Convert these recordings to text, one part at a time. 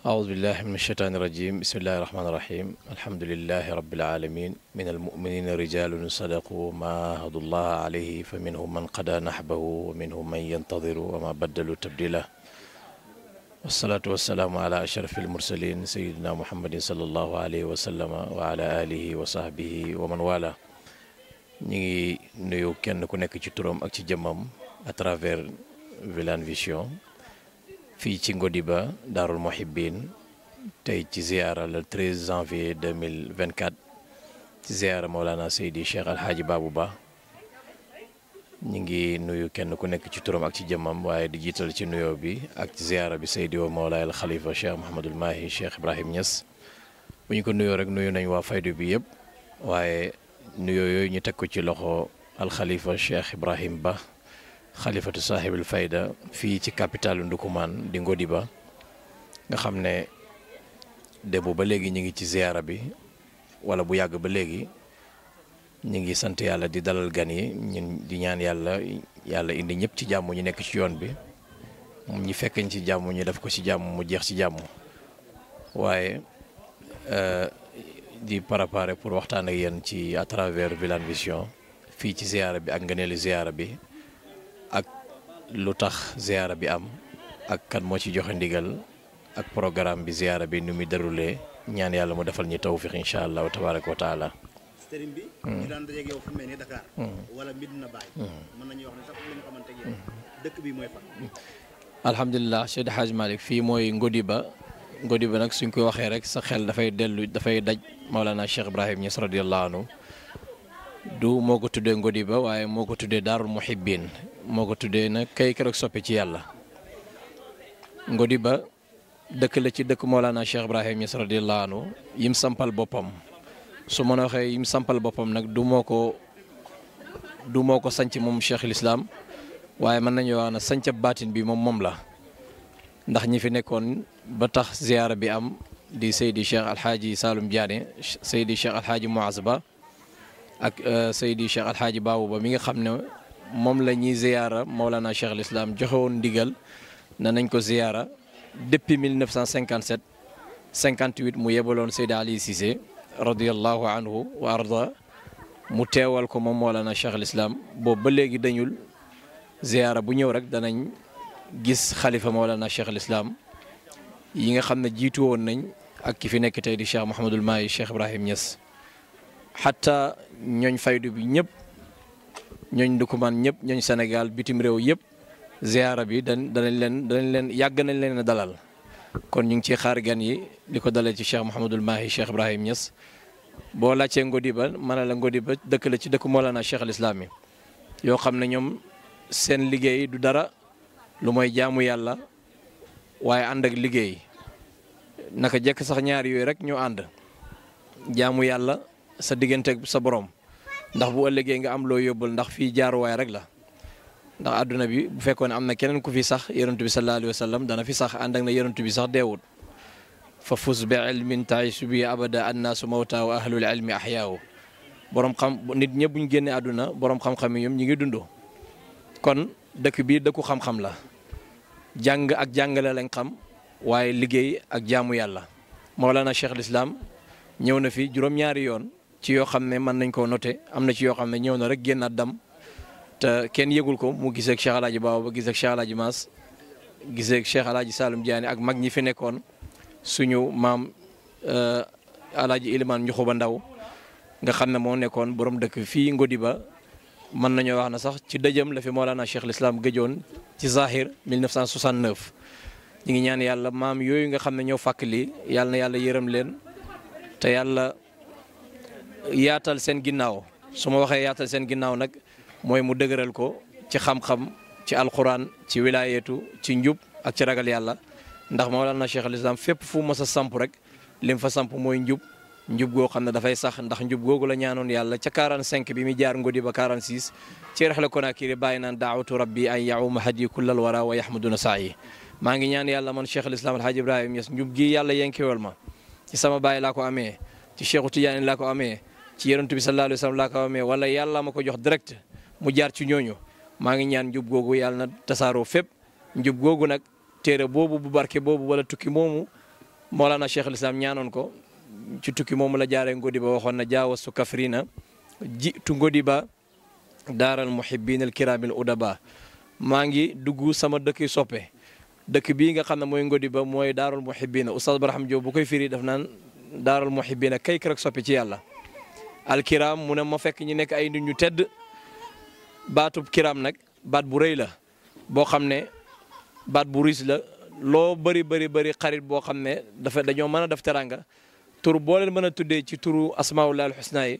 aousubillah min alsheytaan irajim bismillahi irahmaan irahim alhamdulilahi rabilalamin min almuminina rijalun sadaqu ma ahadullah alayhi fa minhum man qada nahbahu wa minhum man yantadiru wa ma baddalu tabdila wasalaatu wasalaamu ala ashrafi almursalin sayidina muhammadin salallahu alayhi wa sallama wa ala alihi wa sahbihi wa man wala ñu ngi nuyu kenn ku nekk ci turam ak ci jëmmam à travers Wilane Vision fii ci ba Daarul Muhibbin tey ci ziyaara le 13 janvier 2024 ci ziyaara Mawlana Seydi Cheikh Alhaaji Babou Ba ñu ngi nuyu kenn ku nekk ci turam ak ci jëmmam waaye di jiital ci nuyo bi ak ci ziyaara bi Seydi wa Mawlaay al Khalifa Cheikh Mouhamadul Mahi Cheikh Ibrahim Niass bu ñu ko nuyoo rek nuyu nañu waa faydu bi yëpp waaye nuyoo yooyu ñu teg ko ci loxo alxalifa Khalifa Cheikh Ibrahim Ba xalifatu saaxibil fayda fii ci capitalu Ndukumaan di ba nga xam ne débu ba léegi ñu ngi ci ziyaara bi wala bu yàgg ba léegi ñu ngi sant yàlla di dalal gan yi ñun di ñaan yàlla yàlla indi ñëpp ci jàmm ñu nekk ci yoon bi ñi fekkañ ci jàmm ñu def ko ci jàmm mu jeex ci jàmm waaye euh, di préparer pour waxtaan ak yéen ci à travers Wilane Vision fii ci ziyaara bi ak ngëneelu ziyaara bi lu tax ziyaara bi am ak kat moo ci joxe ndigal ak programme bi ziyaara bi nu muy déroulé ñaan yàlla mu defal ñu tawfiq incha allahu tabaraka wa taala. sëriñ bi. Hmm. ñu daan dajeeg hmm. wala Medina Baye. Hmm. mën nañu wax ne sax lu ñu xamante ne bi mooy fan. alhamdulilah Cheikh Hadj nag suñ koy waxee rek sa xel dafay dellu dafay daj Maolana Cheikh Ibrahim Niass radiyallahu anhu du moo ko tuddee ba waaye moo ko tuddee Daarul Muhibbin moo ko tuddee nag kay keroog soppe ci yàlla ngodi ba dëkk la ci dëkk Mawlana Cheikh Ibrahim Niass radiyallahu anhu yim sampal boppam su mën a waxee yim sampal boppam nag du moo ko du moo ko sanc moom Cheikhul Islam waaye mën nañu wax na sanc baatin bi moom moom la ndax ñi fi nekkoon ba tax ziyaara bi am di Seydi Cheikh Alhaaji Saloum Diané Seydi Cheikh Alhaaji Muaz Ba ak euh, Seydi Cheikh Alhaaji Babou Ba mi nga xam ne moom la ñuy ziyaara Mawlana Cheikh al Islam joxe woon ndigal na nañ ko ziyaara depuis 1957 58 mu yebaloon Seydi Ali Cissé radiyallahu anhu wa arda mu teewal ko moom Mawlana Cheikh al Islam boobu ba léegi dañul ziyaara bu ñëw rek danañ gis xalifa Mawlana Cheikh al yi nga xam ne jiitu woon nañ ak ki fi nekk tey di Cheikh Mouhamadul Mahi Cheikh Ibrahim Niass xataa ñooñ faydu bi ñëpp. ñooñ Ndoukoumane ñëpp ñooñ Sénégal bitim réew yëpp ziara bi dañ danañ leen danañ leen yàgg nañ leen dalal kon ñu ngi ciy xaar gan yi li ko dalee ci Cheikh Mouhamadul Mahi Cheikh Ibrahim Niass boo laajtee ngodi ba ne la ba dëkk la ci dëkk Mawlana Cheikh al Islam yoo xam ne ñoom seen liggéey du dara lu mooy jaamu yàlla waaye ànd ak liggéey naka jekk sax ñaar yooyu rek ñu ànd jaamu yàlla sa digganteeg sa boroom ndax bu ëllëgee nga am loo yóbbul ndax fi jaaruwaay rek la ndax àdduna bi bu fekkoon am na keneen ku fi sax yonent bi sax alayhi wa sallam dana fi sax ànd ak na yonent bi sax deewut fa fus bi ilmin taisu bi abada annaasu mawta wa ahlul ilmi ahyaawu borom xam nit ñëpp ñu génne àdduna borom xam-xam yi ñoom ñi ngi dundoo kon dëkk bii dëkku xam-xam la jàng ak jàngale lañ xam waaye liggéey ak jaamu yàlla Mawlana Cheikh al ñëw na fi juróom-ñaari yoon ci yoo xam ne mën nañ koo note am na ci yoo xam ne ñëw na rek génnaat dam te kenn yëgul ko mu gisee ak Cheikh El ba gisee ak Cheikh El Hadj Mass gisee ak Cheikh El Hadj ak mag ñi fi nekkoon suñu maam El euh, Hadj Ilimaan Njuxuba Ndaw nga xam ne moo nekkoon borom dëkk fii Ngodiba mën nañoo wax na sax ci dëjëm la fi Mawlana Cheikh Lislaam gëjoon ci Zahir 1969. ñu ngi ñaan yàlla maam yooyu nga xam ne ñoo fàkk li yàlla na yàlla yërëm leen te yàlla yaatal seen ginnaaw su ma waxee yaatal seen ginnaaw nag mooy mu dëgëral ko ci xam-xam ci alxuraan ci wilaayeetu ci njub ak ci ragal yàlla ndax Mawlana Cheikh al Islam fépp fu mës a samp rek lim fa samp mooy njub njub goo xam ne dafay sax ndax njub googu la ñaanoon yàlla ca 45 bi muy jaar ngodi ba 46 ci rexla Konaakiri bàyyi naan daawatu rabbi an yauma hadi kullal wara wa yahmaduna saa yi maa ngi ñaan yàlla man Cheikh al Islam El Hadj Ibrahima njub gi yàlla yenkewal ma ci sama baay laa ko amee ci Cheikhu ko amee ci yonent bi sallallahu alayhi wa sallam laa wala yàlla ma ko jox direct mu jaar ci ñooño maa ngi ñaan njub googu yàlla na tasaaroo fépp njub googu nag téere boobu bu barke boobu wala tukki moomu Mawlana Cheikh al-Islam ñaanoon ko ci tukki moomu la jaaree ngodi ba waxoon na jaawasu kafrina jitu ngodi ba daaral muhibbin al kiramil udaba maa ngi dugg sama dëkk soppe dëkk bii nga xam ne mooy ngodi ba mooy daaral muhibbina Oustaz Barham Diop bu koy firi def naan daaral muhibbina kay rek soppe ci yàlla alkiram mu ne ma fekk ñi nekk ay nit ñu tedd baatu kiram nag baat bu rëy la boo xam ne baat bu riis la loo bëri bari bari xarit boo xam ne dafa dañoo mën a def teranga tur boo leen mën a tuddee ci turu asmaaullahi alxusna yi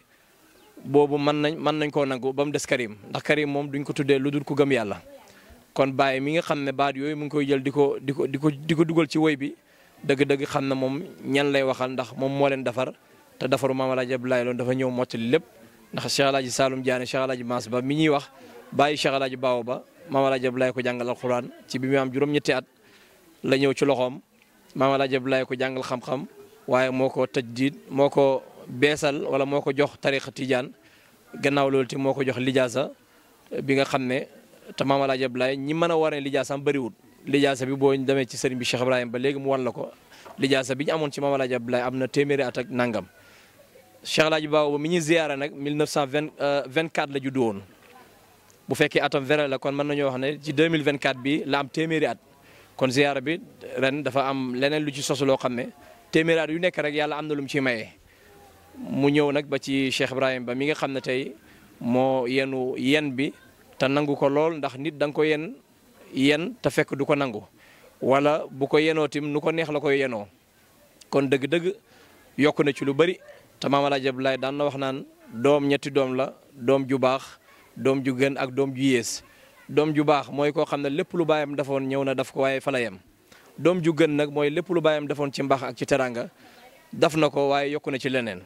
boobu mën nañ mën nañ koo nangu ba mu des karim ndax karim moom duñ ko tuddee lu dul ko gëm yàlla kon Baye mi nga xam ne baat yooyu mu ngi koy jël di ko di ko di ko di ko dugal ci woy bi dëgg-dëgg xam na moom ñan lay waxal ndax moom moo leen defar te defaru maam alaaji Abdoulaye loolu dafa ñëw mottali lépp ndax Cheikh alaaji Saloum Diané Cheikh alaaji Mass ba mi ñuy wax bàyyi Cheikh alaaji Baawo ba maam alaaji Abdoulaye ko jàngal alxuraan ci bi mu am juróom-ñetti at la ñëw ci loxoom maam alaaji Abdoulaye ko jàngal xam-xam waaye moo ko tajdiid moo ko beesal wala moo ko jox tariqa tijaan gannaaw loolu ti moo ko jox lijaasa bi nga xam ne te maam alaaji Abdoulaye ñi mën a waree lijaasam bëriwul lijaasa bi boo demee ci sëriñ bi Cheikh ba léegi mu wan la ko lijaasa bi ñu amoon ci maam alaaji Abdoulaye am na téeméeri at ak nangam Cheikh El Hadj Baba mi ñuy ziyaara nag 1924 euh, la juddu woon bu fekkee atam verre la kon mën nañoo wax ne ci 2024 bi la am téeméeri at kon ziyaara bi ren dafa am leneen lu ci sosu loo xam ne téeméeri at yu nekk rek yàlla am na lu mu maye. mu ñëw nag ba ci Cheikh Ibrahim ba mi nga xam ne tey moo yenu yen bi te nangu ko lool ndax nit da nga ko yen yen te fekk du ko nangu wala bu ko yenoo tim nu ko neex la koy yenoo kon na ci lu bari. te maam El Hadj daan na wax naan doom ñetti doom la doom ju baax doom ju gën ak doom ju yées doom ju baax mooy ko xam ne lépp lu baayam defoon ñëw na daf ko waaye fa la doom ju gën nag mooy lépp lu baayam defoon ci mbaax ak ci teranga daf na ko waaye yokku na ci leneen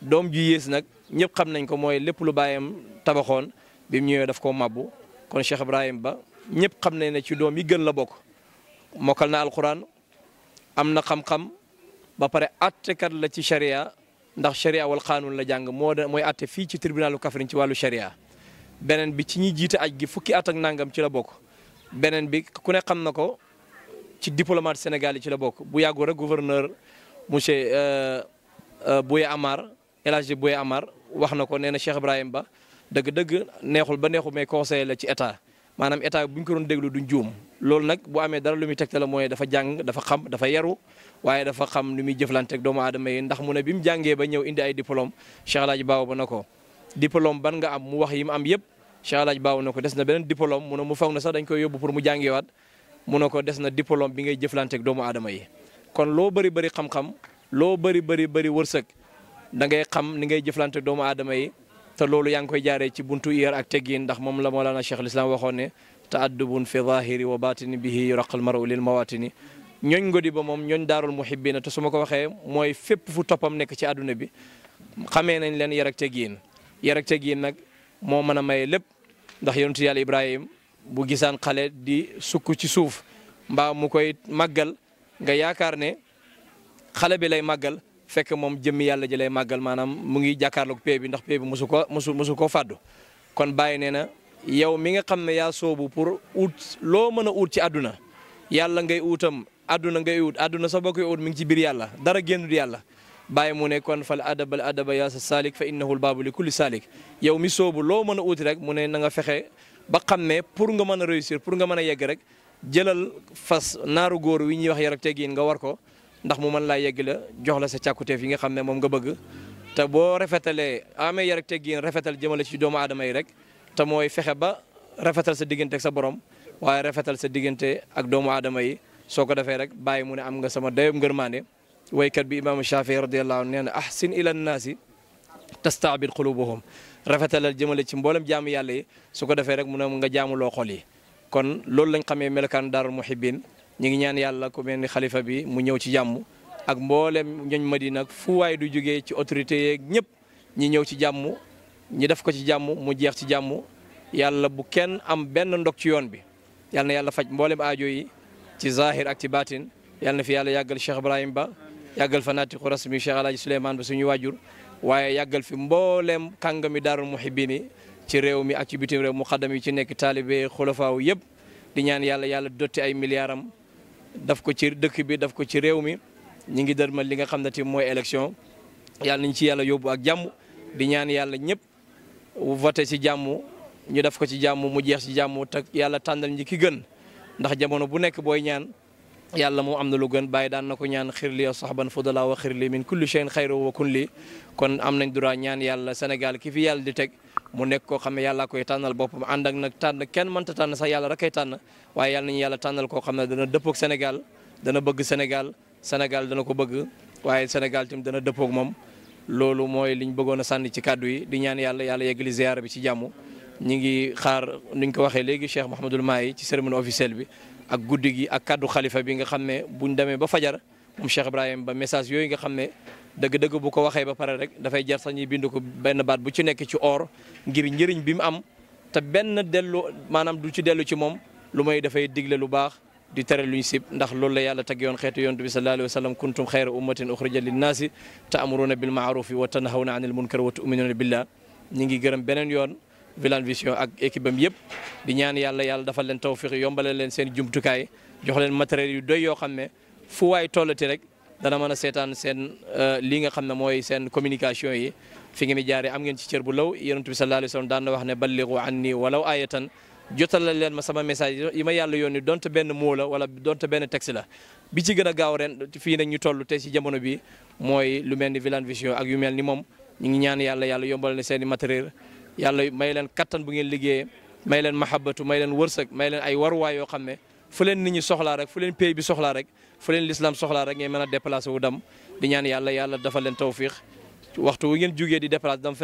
doom ju yées nag ñëpp xam nañ ko mooy lépp lu baayam tabaxoon bi mu ñëwee daf koo mabbu kon Cheikh Ibrahim Ba ñëpp xam nañ na ci doom yi gën la bokk mokkal na alquran am na xam ba pare attekat la ci sharia ndax sharia wal xaanuun la jàng moo de mooy atte fii ci tribunalu kafrin ci wàllu sharia beneen bi ci ñi jiit aj gi fukki at ak nangam ci la bokk beneen bi ku ne xam na ko ci diplomate Sénégal yi ci la bokk bu yàggu rek gouverneur monsieur euh, euh, Boye Amar El Hadji Boye Amar wax na ko nee na Cheikh Ibrahim Ba dëgg-dëgg neexul ba neexul mais conseiller la ci état maanaam état bu ñu ko doon déglu duñ juum. loolu nag boo amee dara lu muy tegtale mooy dafa jàng dafa xam dafa yaru waaye dafa xam lu muy jëflanteeg doomu aadama yi ndax mu ne bi mu jàngee ba ñëw indi ay diplôme Cheikh Alaaji Baaw ba na ko diplôme ban nga am mu wax yi mu am yëpp Cheikh Alaaji Baaw na ko des na beneen diplôme mu ne mu foog na sax dañ koy yóbbu pour mu jàngewaat mu ne ko des na diplôme bi ngay jëflanteeg doomu aadama yi kon loo bari bëri xam-xam loo bëri bëri bëri wërsëg da ngay xam ni ngay jëflanteeg doomu aadama yi te loolu yaa ngi koy jaaree ci buntu yar ak teg teggin ndax moom la Mawlana Cheikh al Islam waxoon ne taaddubun fi zahiri wa batini bihi yuraqal maru lil mawatini ñooñ ngodi ba moom ñooñ daarul muhibbina te suma ko waxee mooy fépp fu toppam nekk ci àdduna bi xamee nañ leen yar ak teggin yar ak teggin nag moo mën a maye lépp ndax yonentu yàlla Ibrahim bu gisaan xale di sukk ci suuf mbaa mu koy màggal nga yaakaar ne xale bi lay màggal fekk moom jëmmi yàlla ji lay màggal maanaam mu ngi jàkkaarloog pee bi ndax pee bi mosu ko mosu mosu koo fàddu kon bàyyi nee yow mi nga xam ne yaa soobu pour ut loo mën a ut ci àdduna yàlla ngay utam àdduna ngay ut àdduna sa boo koy mi ngi ci biir yàlla dara génnul yàlla bàyyi mu ne kon fal adabal adaba yaa sa saalik fa innahu baabu li saalik yow mi soobu loo mën a uti rek mu ne na nga fexe ba xam ne pour nga mën a réussir pour nga mën a yegg rek jëlal fas naaru góor wi ñuy wax yar ak teggin nga war ko ndax mu mën laa yegg la jox la sa càkkuteef yi nga xam ne moom nga bëgg te boo rafetalee amee yar ak teggin rafetal jëmale ci doomu aadama yi rek te mooy fexe ba rafetal sa diggante sa borom waaye rafetal sa diggante ak doomu aadama yi soo ko defee rek bàyyi mu ne am nga sama dayob ngërmaande kat bi imaamu Shafii radiyallahu anhu nee na ahsin ila nnaasi tastaabid qulubuhum rafetalal jëmale ci mboolem jaamu yàlla yi su ko defee rek mu ne nga jaamuloo xol yi kon loolu lañ xamee melokaan daarul muhibbin ñu ngi ñaan yàlla ku mel ni xalifa bi mu ñëw ci jàmm ak mboolem ñoñ Madina nag fu waay du jógee ci autorité yeeg ñëpp ñi ñëw ci jàmm ñi def ko ci jàmm mu jeex ci jàmm yàlla bu kenn am benn ndog ci yoon bi yàlla na yàlla faj mboolem aajo yi ci zahir ak ci baatin yàlla fi yàlla yàggal Cheikh Ibrahim Ba yàggal fa naatiqu rasmi Cheikh Alaaji Souleymane Ba suñu waajur waaye yàggal fi mboolem mbooleem kàngami daarul muhibbini ci réew mi ak ci bitim réew mu xaddam yi ci nekk taalibe xulafaaw yëpp di ñaan yàlla yàlla dotti ay milliards am daf ko ci dëkk bi daf ko ci réew mi ñi ngi dërmal li nga xam ne tamit mooy élection yàlla nañ ci yàlla yóbbu ak jàmm di ñaan yàlla ñëpp voté si jàmm ñu def ko ci jàmm mu jeex ci jàmm yàlla tànnal ñi ki gën ndax jamono bu nekk booy ñaan yàlla moo am na lu gën bàyyi daan na ko ñaan xirli yow saxban fudala wa xirli min kulli shay'in xayru wa kun lii kon am nañ droit ñaan yàlla Sénégal ki fi yàlla di teg mu nekk koo xam ne yàlla koy tànnal boppam ànd ak nag tànn kenn mënta tànn sax yàlla rekk ay tànn waaye yàlla nañu yàlla tànnal koo xam ne dana dëppoog senegal dana bëgg senegal senegal dana ko bëgg waaye Sénégal tamit dana dëppoog moom loolu mooy liñ bëggoon a sànni ci kàddu yi di ñaan yàlla yàlla yeggali ziyaara bi ci jàmm ñu ngi xaar nu ñu ko waxee léegi Cheikh Mouhamadul Mahi ci cérémonie officielle bi ak guddi gi ak kàddu xalifa bi nga xam ne buñ demee ba fajar moom Cheikh Ibrahim ba message yooyu nga xam ne dëgg-dëgg bu ko waxee ba pare rek dafay jar sax ñuy bind ko benn baat bu ci nekk ci or ngir njëriñ bi mu am te benn dellu maanaam du ci dellu ci moom lu may dafay digle lu baax di tere luñ sib ndax loolu la yàlla teg yoon xeetu yonent bi sallallahu alayhi wa sallam kuntum xayra ummatin uxrijat linnaasi ta'muruna bil ma'rufi wa tanhawna anil munkar wa billah ñi ngi gërëm yoon Wilane Vision ak équipe am yëpp di ñaan yàlla yàlla dafa leen tawfiq yombale leen seen jumtukaay jox leen matériel yu doy yoo xam ne fu waay tollati rek dana mën a seetaan seen euh, lii nga xam ne mooy seen communication yi fi ngeen di jaaree am ngeen ci cër bu law yonent bi sallallahu daan na wax ne balligu anni walaw jotalal leen ma sama message yi ma yàlla yónni donte benn mot la wala donte benn texte la bi ci gën a gaaw ren fii nag ñu toll tey si jamono bi mooy lu mel ni Wilane Vision ak yu mel ni moom ñu ñaan yàlla yàlla yombal na seen i matériel yàlla may leen kattan bu ngeen liggéeyee may leen mahabbatu may leen wërsëg may leen ay waruwaay yoo xam ne fu leen nit ñi soxlaa rek fu leen bi soxlaa rek fu leen l'islam soxlaa rek ngeen mën a déplacé wu dem di ñaan yàlla yàlla dafa leen tawfiix waxtu wu ngeen jugee di déplacé dam